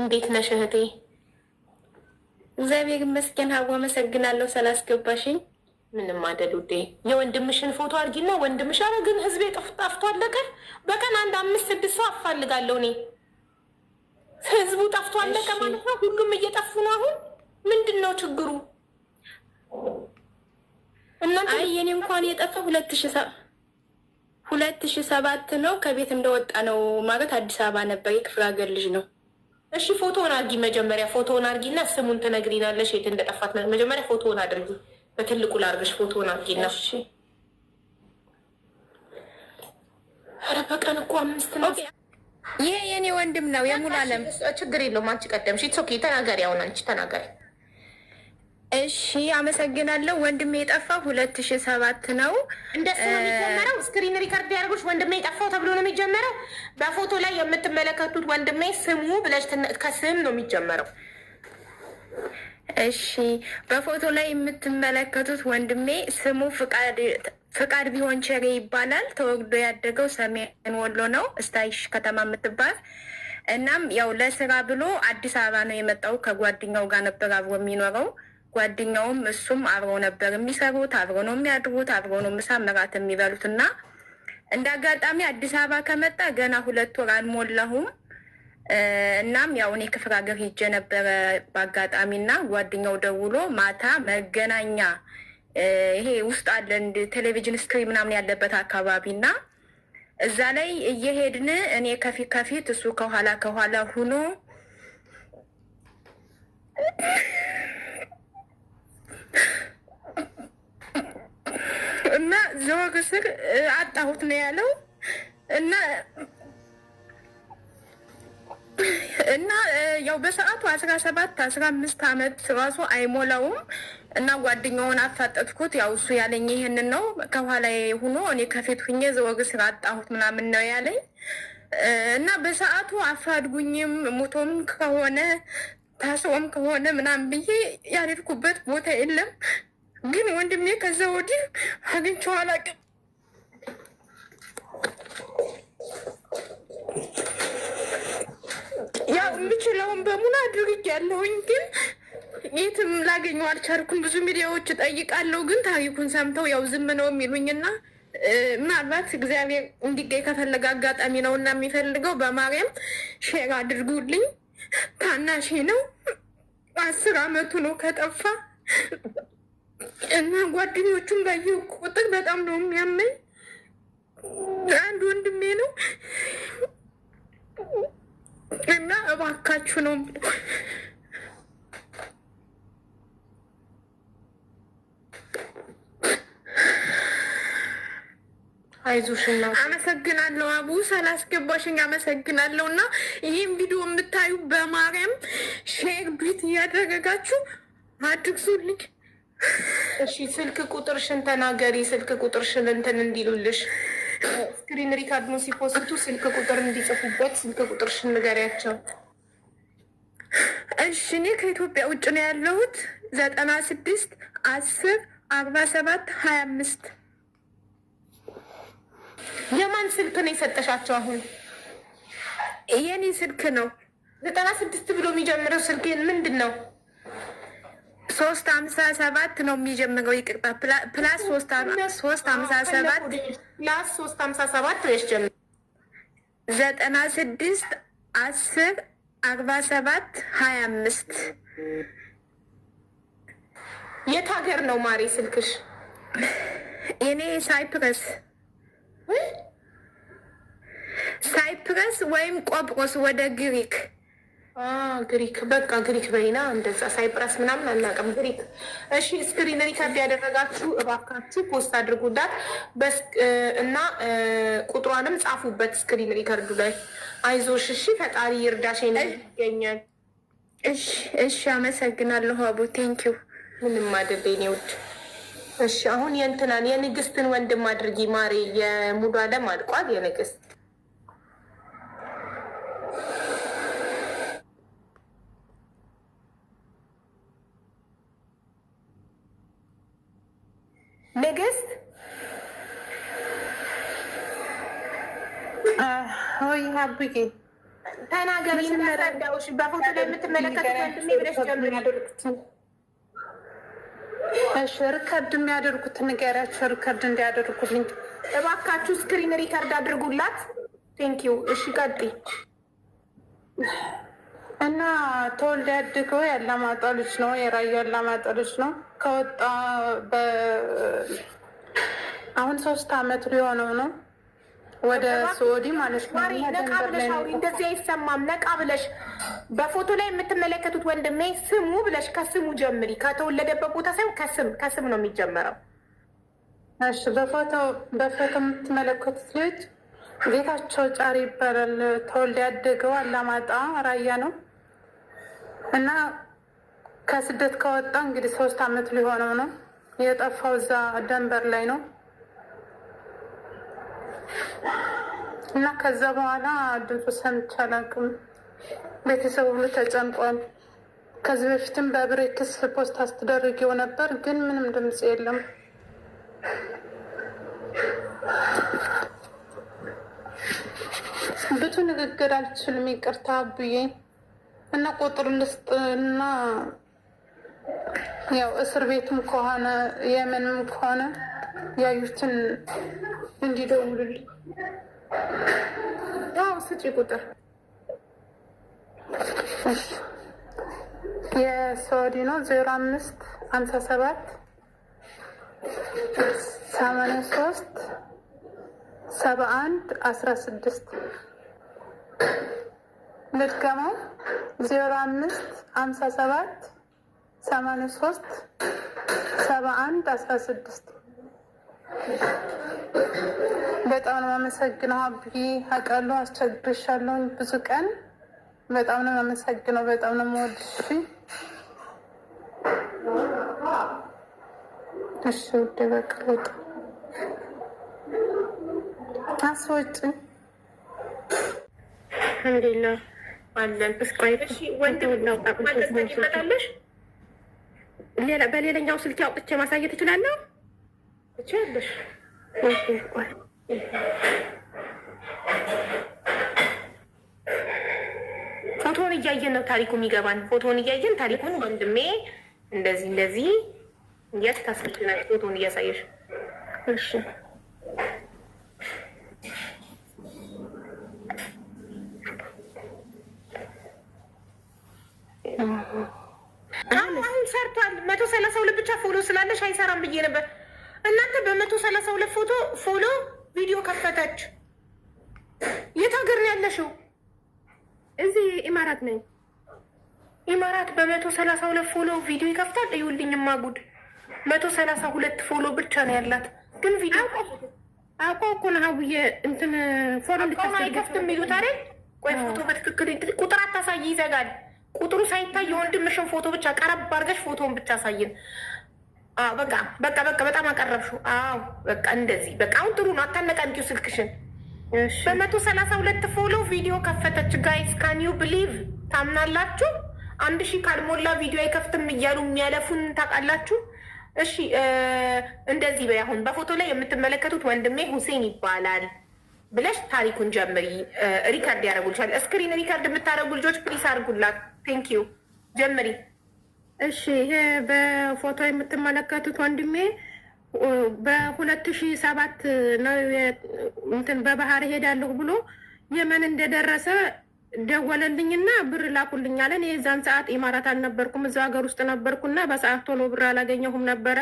እንዴት ነሽ እህቴ? እግዚአብሔር ይመስገን። ሀዋ አመሰግናለሁ ስላስገባሽኝ። ምንም አይደል ውዴ። የወንድምሽን ፎቶ አድርጊና ወንድምሽ። ኧረ ግን ህዝቤ ጠፍቶ አለቀ። በቀን አንድ አምስት ስድስት ሰው አፋልጋለሁ እኔ። ህዝቡ ጠፍቶ አለቀ ማለት ነው። ሁሉም እየጠፉ ነው። አሁን ምንድን ነው ችግሩ? እናንተ የኔ እንኳን የጠፋ ሁለት ሺ ሁለት ሺ ሰባት ነው። ከቤት እንደወጣ ነው ማለት አዲስ አበባ ነበር። የክፍለ ሀገር ልጅ ነው እሺ ፎቶውን አርጊ መጀመሪያ ፎቶውን አርጊና ስሙን ትነግሪናለሽ፣ የት እንደጠፋት ነው። መጀመሪያ ፎቶውን አድርጊ፣ በትልቁ ላድርግሽ። ፎቶውን አድርጊና ኧረ በቀን እኮ አምስት ነው። ይሄ የኔ ወንድም ነው የሙሉ አለም። ችግር የለውም። አንቺ ቀደምሽ። ኦኬ ተናገሪ፣ አሁን አንቺ ተናገሪ። እሺ አመሰግናለሁ ወንድሜ የጠፋው ሁለት ሺ ሰባት ነው። እንደሱ ነው የሚጀመረው። ስክሪን ሪከርድ ያደርጎች ወንድሜ የጠፋው ተብሎ ነው የሚጀመረው። በፎቶ ላይ የምትመለከቱት ወንድሜ ስሙ ብለሽ ከስም ነው የሚጀመረው። እሺ በፎቶ ላይ የምትመለከቱት ወንድሜ ስሙ ፍቃድ ፍቃድ ቢሆን ቸሬ ይባላል። ተወግዶ ያደገው ሰሜን ወሎ ነው እስታይሽ ከተማ የምትባል እናም ያው ለስራ ብሎ አዲስ አበባ ነው የመጣው። ከጓደኛው ጋር ነበር አብሮ የሚኖረው። ጓደኛውም እሱም አብረው ነበር የሚሰሩት፣ አብረው ነው የሚያድሩት፣ አብረው ነው ምሳ መራት የሚበሉት እና እንደ አጋጣሚ አዲስ አበባ ከመጣ ገና ሁለት ወር አልሞላሁም። እናም ያው እኔ ክፍለ ሀገር ሄጄ ነበረ በአጋጣሚና ጓደኛው ደውሎ ማታ መገናኛ ይሄ ውስጥ አለ ቴሌቪዥን ስክሪን ምናምን ያለበት አካባቢና እዛ ላይ እየሄድን እኔ ከፊት ከፊት እሱ ከኋላ ከኋላ ሁኖ እና ዘወግ ስር አጣሁት ነው ያለው እና እና ያው በሰዓቱ አስራ ሰባት አስራ አምስት አመት ራሱ አይሞላውም እና ጓደኛውን አፋጠጥኩት። ያው እሱ ያለኝ ይሄንን ነው። ከኋላ ሁኖ እኔ ከፊት ሁኜ ዘወግ ስር አጣሁት ምናምን ነው ያለኝ እና በሰዓቱ አፋድጉኝም ሙቶም ከሆነ ታስሮም ከሆነ ምናምን ብዬ ያልሄድኩበት ቦታ የለም። ግን ወንድሜ ከዛ ወዲህ አግኝቼው አላውቅም። ያው የምችለውን በሙሉ አድርጌያለሁኝ፣ ግን የትም ላገኘው አልቻልኩም። ብዙ ሚዲያዎች እጠይቃለሁ፣ ግን ታሪኩን ሰምተው ያው ዝም ነው የሚሉኝና ምናልባት እግዚአብሔር እንዲገኝ ከፈለገ አጋጣሚ ነው እና የሚፈልገው በማርያም ሼር አድርጉልኝ። ታናሽ ነው፣ አስር አመቱ ነው ከጠፋ እና ጓደኞቹን ባየሁ ቁጥር በጣም ነው የሚያመኝ። አንድ ወንድሜ ነው እና እባካችሁ ነው አመሰግናለሁ። አቡ ስላስገባሽኝ አመሰግናለሁ። እና ይህን ቪዲዮ የምታዩ በማርያም ሼር ቢት እያደረጋችሁ አድርሱልኝ። እሺ ስልክ ቁጥርሽን ተናገሪ። ስልክ ቁጥርሽን እንትን እንዲሉልሽ ስክሪን ሪካርድ ነው ሲፖስቱ ስልክ ቁጥር እንዲጽፉበት ስልክ ቁጥርሽን ንገሪያቸው። እሺ እኔ ከኢትዮጵያ ውጭ ነው ያለሁት። ዘጠና ስድስት አስር አርባ ሰባት ሀያ አምስት የማን ስልክ ነው የሰጠሻቸው? አሁን የኔ ስልክ ነው። ዘጠና ስድስት ብሎ የሚጀምረው ስልክ ምንድን ነው? ሶስት አምሳ ሰባት ነው የሚጀምረው። ይቅርታ ፕላስ ሶስት አምሳ ሰባት ፕላስ ሶስት ሀምሳ ሰባት ዘጠና ስድስት አስር አርባ ሰባት ሀያ አምስት የት ሀገር ነው ማሪ ስልክሽ? እኔ ሳይፕረስ ሳይፕረስ ወይም ቆጵሮስ ወደ ግሪክ ግሪክ በቃ ግሪክ በይና እንደዛ ሳይፕረስ ምናምን አናውቅም። ግሪክ እሺ። ስክሪን ሪከርድ ያደረጋችሁ እባካችሁ ፖስት አድርጉላት እና ቁጥሯንም ጻፉበት ስክሪን ሪከርዱ ላይ። አይዞሽ፣ እሺ፣ ፈጣሪ ይርዳሽ። ይገኛል። እሺ፣ እሺ። አመሰግናለሁ አቡ ቴንኪው። ምንም አደለኝ ውድ። እሺ፣ አሁን የእንትናን የንግስትን ወንድም አድርጊ ማሬ። የሙሉ አለም አልቋል የንግስት ንግስት ሆይ ሀብዬ ተናገር። ስናረዳውሽ በፎቶ ላይ የምትመለከቱት ወንድሜ ብለሽ ጀምሪ። እሺ ሪከርድ የሚያደርጉት ንገሪያቸው፣ ሪከርድ እንዲያደርጉልኝ እባካችሁ። ስክሪን ሪከርድ አድርጉላት። ቴንኪው። እሺ ቀጥይ። እና ተወልደ ያደገው ያላማጣ ልጅ ነው። የራያ ያላማጣ ልጅ ነው። ከወጣ አሁን ሶስት አመት ሊሆነው ነው። ወደ ሶዲ ማለት ነው። ነቃ ብለሽ አውሪ፣ እንደዚህ አይሰማም። ነቃ ብለሽ በፎቶ ላይ የምትመለከቱት ወንድሜ ስሙ ብለሽ ከስሙ ጀምሪ። ከተወለደበት ቦታ ሳይሆን ከስም ከስም ነው የሚጀመረው። እሺ፣ በፎቶ በፎቶ የምትመለከቱት ልጅ ጌታቸው ጫሪ ይባላል። ተወልደ ያደገው አላማጣ ራያ ነው። እና ከስደት ከወጣ እንግዲህ ሶስት አመት ሊሆነው ነው። የጠፋው እዛ ደንበር ላይ ነው እና ከዛ በኋላ ድምፁ ሰምቼ አላውቅም። ቤተሰቡ ሁሉ ተጨንቋል። ከዚህ በፊትም በብሬክስ ፖስት አስተደርጌው ነበር፣ ግን ምንም ድምፅ የለም። ብዙ ንግግር አልችልም፣ ይቅርታ ብዬ እና ቁጥር ልስጥ እና ያው እስር ቤትም ከሆነ የምንም ከሆነ ያዩትን እንዲደውሉል። አዎ ስጪ ቁጥር የሳውዲ ነው ዜሮ አምስት ሀምሳ ሰባት ሰማንያ ሶስት ሰባ አንድ አስራ ስድስት ልድገመው ዜሮ አምስት ሀምሳ ሰባት ሰማንያ ሶስት ሰባ አንድ አስራ ስድስት በጣም ነው የማመሰግነው። አብዬ አውቃለሁ አስቸግርሻለሁ ብዙ ቀን። በጣም ነው የማመሰግነው። በጣም ነው የምወድሽ። እሺ ውድ በቃ በጣም አስወጭኝ። አልሐምዱሊላህ አለን ወንድምናውጣመጠመጣለሽ በሌላኛው ስልክ አውጥቼ ማሳየት እችላለሁ። እችላለሽ ፎቶን እያየን ነው ታሪኩ የሚገባን። ፎቶን እያየን ታሪኩን ወንድሜ እንደዚህ እንደዚህ የት ታስልችናል ፎቶን እያሳየሽ እሺ አሁን አሁን ሰርቷል። መቶ ሰላሳ ሁለት ብቻ ፎሎ ስላለሽ አይሰራም ብዬ ነበር። እናንተ በመቶ ሰላሳ ሁለት ፎቶ ፎሎ ቪዲዮ ከፈታች። የት ሀገር ነው ያለሽው? እዚህ ኢማራት ነኝ። ኢማራት በመቶ ሰላሳ ሁለት ፎሎ ቪዲዮ ይከፍታል። እዩልኝማ ጉድ። መቶ ሰላሳ ሁለት ፎሎ ብቻ ነው ያላት፣ ግን ቪዲዮ አውቀው እኮ ነው ሀውዬ እንትን ፎሎ ልከፍት የሚሉት አይደል? ቆይ ፎቶ በትክክል ቁጥር አታሳይ፣ ይዘጋል ቁጥሩ ሳይታይ የወንድምሽን ፎቶ ብቻ ቀረብ አድርገሽ ፎቶን ብቻ ሳይን። በቃ በቃ በቃ በጣም አቀረብሽው። አዎ በቃ እንደዚህ በቃ አሁን ጥሩ ነው። አታነቃንቂው ስልክሽን። በመቶ ሰላሳ ሁለት ፎሎ ቪዲዮ ከፈተች። ጋይስ ካን ዩ ብሊቭ ታምናላችሁ? አንድ ሺህ ካልሞላ ቪዲዮ አይከፍትም እያሉ የሚያለፉን ታውቃላችሁ። እሺ እንደዚህ በይ። አሁን በፎቶ ላይ የምትመለከቱት ወንድሜ ሁሴን ይባላል ብለሽ ታሪኩን ጀምሪ። ሪከርድ ያደረጉልሻል። እስክሪን ሪከርድ የምታደረጉ ልጆች ፕሊስ አድርጉላት። ቴንክ ዩ ጀምሪ። እሺ ይሄ በፎቶ የምትመለከቱት ወንድሜ በሁለት ሺህ ሰባት ነው እንትን በባህር ሄዳለሁ ብሎ የመን እንደደረሰ ደወለልኝና ብር ላኩልኝ አለን። የዛን ሰዓት ኢማራት አልነበርኩም እዛ ሀገር ውስጥ ነበርኩና በሰዓት ቶሎ ብር አላገኘሁም ነበረ።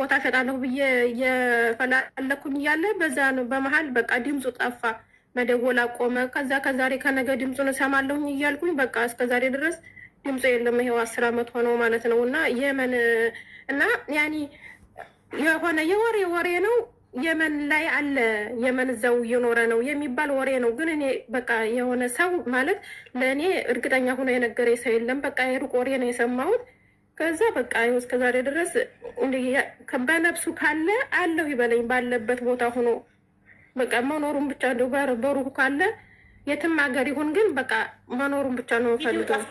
ቦታ ሸጣለሁ ብዬ እየፈላለኩኝ እያለ በዛ በመሀል በቃ ድምፁ ጠፋ። መደወል አቆመ። ከዛ ከዛሬ ከነገ ድምፁን እሰማለሁኝ እያልኩኝ በቃ እስከዛሬ ድረስ ድምፁ የለም። ይሄው አስር አመት ሆነው ማለት ነው። እና የመን እና ያኒ የሆነ የወሬ ወሬ ነው የመን ላይ አለ የመን እዛው እየኖረ ነው የሚባል ወሬ ነው። ግን እኔ በቃ የሆነ ሰው ማለት ለእኔ እርግጠኛ ሆኖ የነገረ ሰው የለም። በቃ የሩቅ ወሬ ነው የሰማሁት። ከዛ በቃ ይኸው እስከዛሬ ድረስ በነብሱ ካለ አለው ይበለኝ ባለበት ቦታ ሆኖ በቃ መኖሩን ብቻ እንደው በሩሁ ካለ የትም ሀገር ይሁን ግን በቃ መኖሩን ብቻ ነው ፈልገው።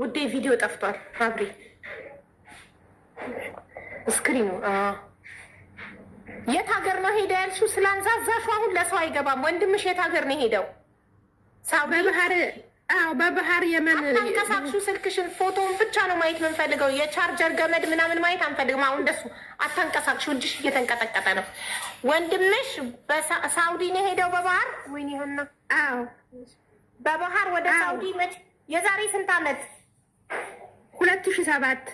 ውዴ ቪዲዮ ጠፍቷል። ፋብሪ እስክሪኑ የት ሀገር ነው ሄደ ያልሽው? ስላንዛዛሹ አሁን ለሰው አይገባም። ወንድምሽ የት ሀገር ነው ሄደው? ሳውዲ በባህር በባህር የመን ተንቀሳቅሱ። ስልክሽን ፎቶን ብቻ ነው ማየት የምንፈልገው። የቻርጀር ገመድ ምናምን ማየት አንፈልግም። አሁን እንደሱ አታንቀሳቅሹ። እጅሽ እየተንቀጠቀጠ ነው። ወንድምሽ ሳውዲ ነው የሄደው በባህር ወይ ሆና በባህር ወደ ሳውዲ መች የዛሬ ስንት ዓመት? ሁለት ሺ ሰባት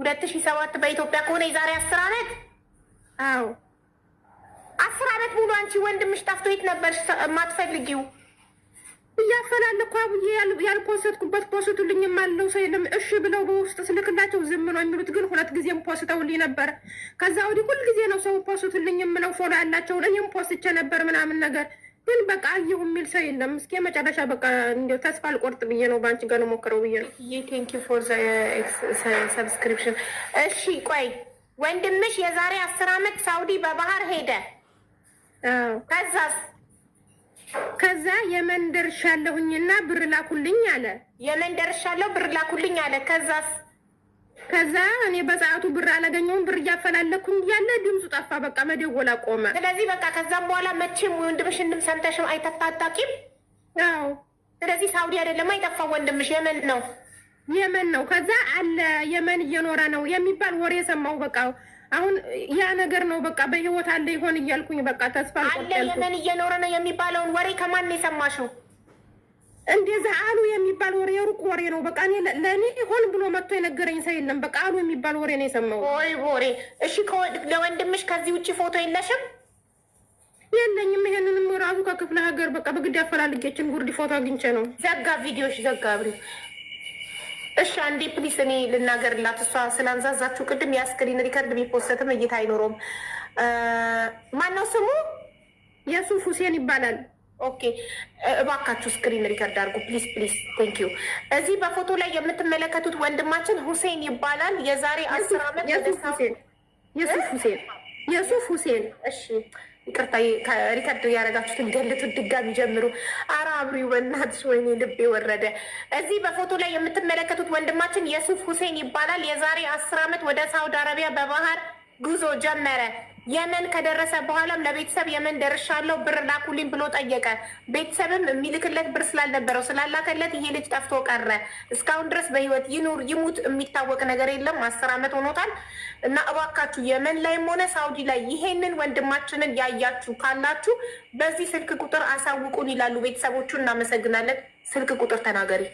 ሁለት ሺ ሰባት በኢትዮጵያ ከሆነ የዛሬ አስር ዓመት አዎ አስር ዓመት ሙሉ አንቺ ወንድምሽ ጠፍቶ የት ነበርሽ የማትፈልጊው? እያፈላለኩ አብዬ ያልፖሰትኩበት ፖስቱልኝ ማለው ሰው የለም። እሺ ብለው በውስጥ ስልክላቸው ዝም ነው የሚሉት። ግን ሁለት ጊዜም ፖስተውልኝ ነበር ከዛ ወዲህ ሁልጊዜ ነው ሰው ፖስቱልኝ የምለው ፎሎ ያላቸውን እኔም ፖስትቼ ነበር ምናምን ነገር ግን በቃ አየሁ የሚል ሰው የለም። እስኪ መጨረሻ በቃ ተስፋ አልቆርጥ ብዬ ነው በአንቺ ጋር ሞክረው ብዬ ነው። ቴንክ ዩ ፎር ሰብስክሪፕሽን። እሺ ቆይ ወንድምሽ የዛሬ አስር አመት ሳውዲ በባህር ሄደ ከዛስ ከዛ የመን ደርሻለሁኝና ብር ላኩልኝ አለ። የመን ደርሻለሁ ብር ላኩልኝ አለ። ከዛስ ከዛ እኔ በሰዓቱ ብር አላገኘውም። ብር እያፈላለኩኝ እያለ ድምፁ ጠፋ። በቃ መደወል አቆመ። ስለዚህ በቃ ከዛም በኋላ መቼም ወንድምሽ ድምፅ ሰምተሽም አይተታጣቂም። አዎ። ስለዚህ ሳውዲ አይደለም አይጠፋ ወንድምሽ የመን ነው፣ የመን ነው። ከዛ አለ የመን እየኖረ ነው የሚባል ወሬ የሰማው በቃ አሁን ያ ነገር ነው በቃ በህይወት አለ ይሆን እያልኩኝ በቃ ተስፋ አለ የመን እየኖረ ነው የሚባለውን ወሬ ከማን ነው የሰማሽው? እንደዛ አሉ የሚባል ወሬ የሩቅ ወሬ ነው። በቃ ለእኔ ሆን ብሎ መጥቶ የነገረኝ ሰው የለም። በቃ አሉ የሚባል ወሬ ነው የሰማው። ወይ ወሬ! እሺ ለወንድምሽ ከዚህ ውጭ ፎቶ የለሽም? የለኝም። ይሄንንም ራሱ ከክፍለ ሀገር በቃ በግድ ያፈላልጌችን ጉርድ ፎቶ አግኝቼ ነው። ዘጋ ቪዲዮሽ ዘጋ ብሪ እሺ አንዴ ፕሊስ እኔ ልናገርላት። እሷ ስላንዛዛችሁ ቅድም የአስክሪን ሪከርድ ቢፖሰትም እይታ አይኖረውም። ማነው ስሙ? የሱፍ ሁሴን ይባላል። ኦኬ እባካችሁ ስክሪን ሪከርድ አድርጉ ፕሊስ ፕሊስ። ቴንክ ዩ። እዚህ በፎቶ ላይ የምትመለከቱት ወንድማችን ሁሴን ይባላል። የዛሬ አስር ዓመት የሱፍ ሁሴን የሱፍ ሁሴን እሺ ይቅርታ ሪከርድ እያደረጋችሁትን ገልቱ፣ ድጋሚ ጀምሩ። ኧረ አብሪው በእናትሽ፣ ወይኔ ልቤ ወረደ። እዚህ በፎቶ ላይ የምትመለከቱት ወንድማችን የሱፍ ሁሴን ይባላል። የዛሬ አስር ዓመት ወደ ሳውዲ አረቢያ በባህር ጉዞ ጀመረ። የመን ከደረሰ በኋላም ለቤተሰብ የመን አለው ብር ላኩልኝ ብሎ ጠየቀ። ቤተሰብም የሚልክለት ብር ስላልነበረው ስላላከለት ይሄ ልጅ ጠፍቶ ቀረ። እስካሁን ድረስ በህይወት ይኑር ይሙት የሚታወቅ ነገር የለም። አስር ዓመት ሆኖታል እና እባካችሁ የመን ላይም ሆነ ሳውዲ ላይ ይሄንን ወንድማችንን ያያችሁ ካላችሁ በዚህ ስልክ ቁጥር አሳውቁን ይላሉ ቤተሰቦቹ። እናመሰግናለን። ስልክ ቁጥር ተናገሪ።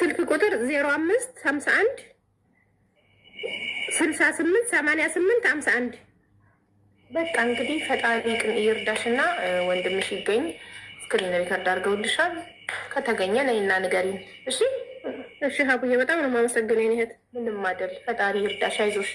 ስልክ ቁጥር ዜሮ አምስት ሀምሳ አንድ ስልሳ ስምንት ሰማንያ ስምንት አምሳ አንድ በቃ እንግዲህ ፈጣሪ ቅን ይርዳሽ እና ወንድምሽ ይገኝ። ስክሪን ሪከርድ አድርገውልሻል። ከተገኘ ነይና ንገሪን። እሺ፣ እሺ ሀቡዬ በጣም ነው የማመሰግነው የእኔ እህት። ምንም አይደል። ፈጣሪ ይርዳሽ፣ አይዞሽ።